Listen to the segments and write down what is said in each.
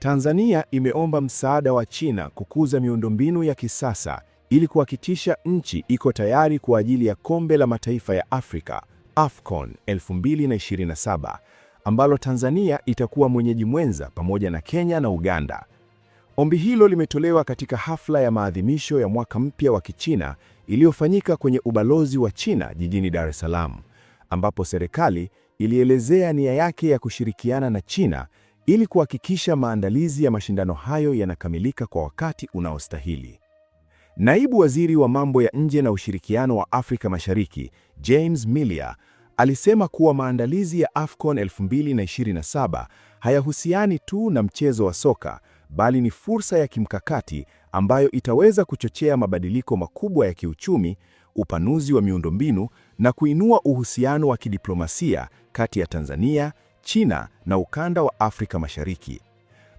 Tanzania imeomba msaada wa China kukuza miundombinu ya kisasa ili kuhakikisha nchi iko tayari kwa ajili ya Kombe la Mataifa ya Afrika, AFCON 2027, ambalo Tanzania itakuwa mwenyeji mwenza pamoja na Kenya na Uganda. Ombi hilo limetolewa katika hafla ya maadhimisho ya mwaka mpya wa Kichina iliyofanyika kwenye ubalozi wa China jijini Dar es Salaam, ambapo serikali ilielezea nia yake ya kushirikiana na China ili kuhakikisha maandalizi ya mashindano hayo yanakamilika kwa wakati unaostahili. Naibu Waziri wa Mambo ya Nje na Ushirikiano wa Afrika Mashariki, James Milia, alisema kuwa maandalizi ya AFCON 2027 hayahusiani tu na mchezo wa soka, bali ni fursa ya kimkakati ambayo itaweza kuchochea mabadiliko makubwa ya kiuchumi, upanuzi wa miundombinu na kuinua uhusiano wa kidiplomasia kati ya Tanzania China na ukanda wa Afrika Mashariki.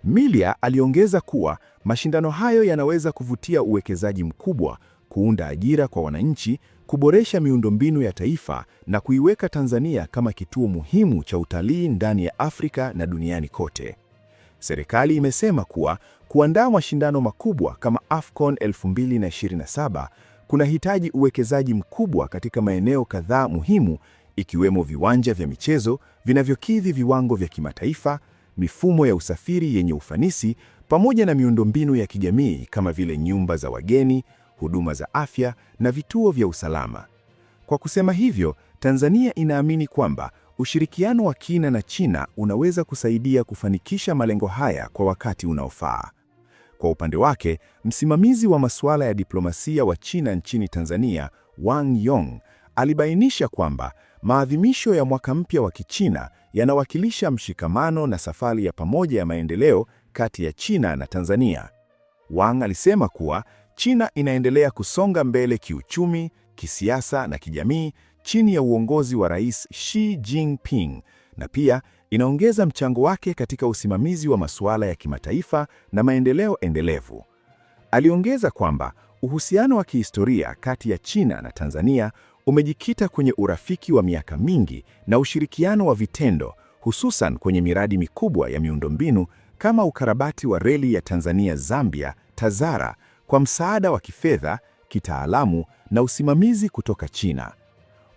Milia aliongeza kuwa mashindano hayo yanaweza kuvutia uwekezaji mkubwa, kuunda ajira kwa wananchi, kuboresha miundombinu ya taifa na kuiweka Tanzania kama kituo muhimu cha utalii ndani ya Afrika na duniani kote. Serikali imesema kuwa kuandaa mashindano makubwa kama AFCON 2027 kunahitaji uwekezaji mkubwa katika maeneo kadhaa muhimu ikiwemo viwanja vya michezo vinavyokidhi viwango vya kimataifa, mifumo ya usafiri yenye ufanisi, pamoja na miundombinu ya kijamii kama vile nyumba za wageni, huduma za afya na vituo vya usalama. Kwa kusema hivyo, Tanzania inaamini kwamba ushirikiano wa kina na China unaweza kusaidia kufanikisha malengo haya kwa wakati unaofaa. Kwa upande wake, msimamizi wa masuala ya diplomasia wa China nchini Tanzania, Wang Yong, alibainisha kwamba Maadhimisho ya mwaka mpya wa Kichina yanawakilisha mshikamano na safari ya pamoja ya maendeleo kati ya China na Tanzania. Wang alisema kuwa China inaendelea kusonga mbele kiuchumi, kisiasa na kijamii chini ya uongozi wa Rais Xi Jinping na pia inaongeza mchango wake katika usimamizi wa masuala ya kimataifa na maendeleo endelevu. Aliongeza kwamba uhusiano wa kihistoria kati ya China na Tanzania umejikita kwenye urafiki wa miaka mingi na ushirikiano wa vitendo, hususan kwenye miradi mikubwa ya miundombinu kama ukarabati wa reli ya Tanzania Zambia, TAZARA, kwa msaada wa kifedha, kitaalamu na usimamizi kutoka China.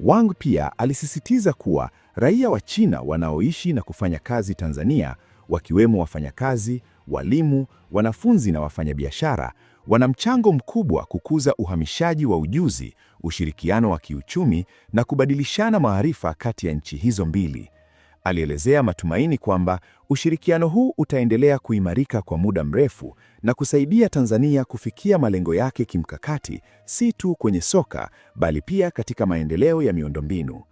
Wang pia alisisitiza kuwa raia wa China wanaoishi na kufanya kazi Tanzania wakiwemo wafanyakazi, walimu, wanafunzi na wafanyabiashara, wana mchango mkubwa kukuza uhamishaji wa ujuzi, ushirikiano wa kiuchumi na kubadilishana maarifa kati ya nchi hizo mbili. Alielezea matumaini kwamba ushirikiano huu utaendelea kuimarika kwa muda mrefu na kusaidia Tanzania kufikia malengo yake kimkakati, si tu kwenye soka bali pia katika maendeleo ya miundombinu.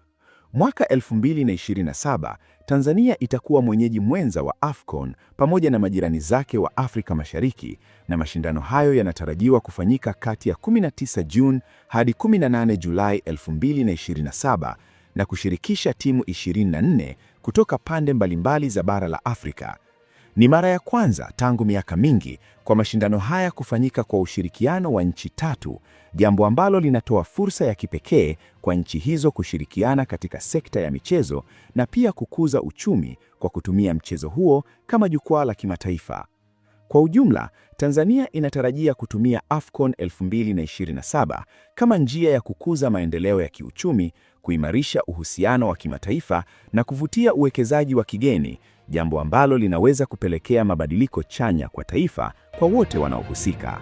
Mwaka 2027 Tanzania itakuwa mwenyeji mwenza wa AFCON pamoja na majirani zake wa Afrika Mashariki, na mashindano hayo yanatarajiwa kufanyika kati ya 19 Juni hadi 18 Julai 2027 na kushirikisha timu 24 kutoka pande mbalimbali za bara la Afrika. Ni mara ya kwanza tangu miaka mingi kwa mashindano haya kufanyika kwa ushirikiano wa nchi tatu, jambo ambalo linatoa fursa ya kipekee kwa nchi hizo kushirikiana katika sekta ya michezo na pia kukuza uchumi kwa kutumia mchezo huo kama jukwaa la kimataifa. Kwa ujumla, Tanzania inatarajia kutumia AFCON 2027 kama njia ya kukuza maendeleo ya kiuchumi kuimarisha uhusiano wa kimataifa na kuvutia uwekezaji wa kigeni, jambo ambalo linaweza kupelekea mabadiliko chanya kwa taifa kwa wote wanaohusika.